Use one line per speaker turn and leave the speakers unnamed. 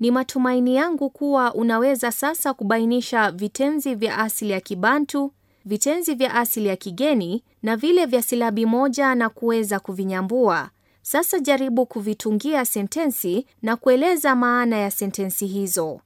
Ni matumaini yangu kuwa unaweza sasa kubainisha vitenzi vya asili ya Kibantu, vitenzi vya asili ya kigeni na vile vya silabi moja na kuweza kuvinyambua. Sasa jaribu kuvitungia sentensi na kueleza maana
ya sentensi hizo.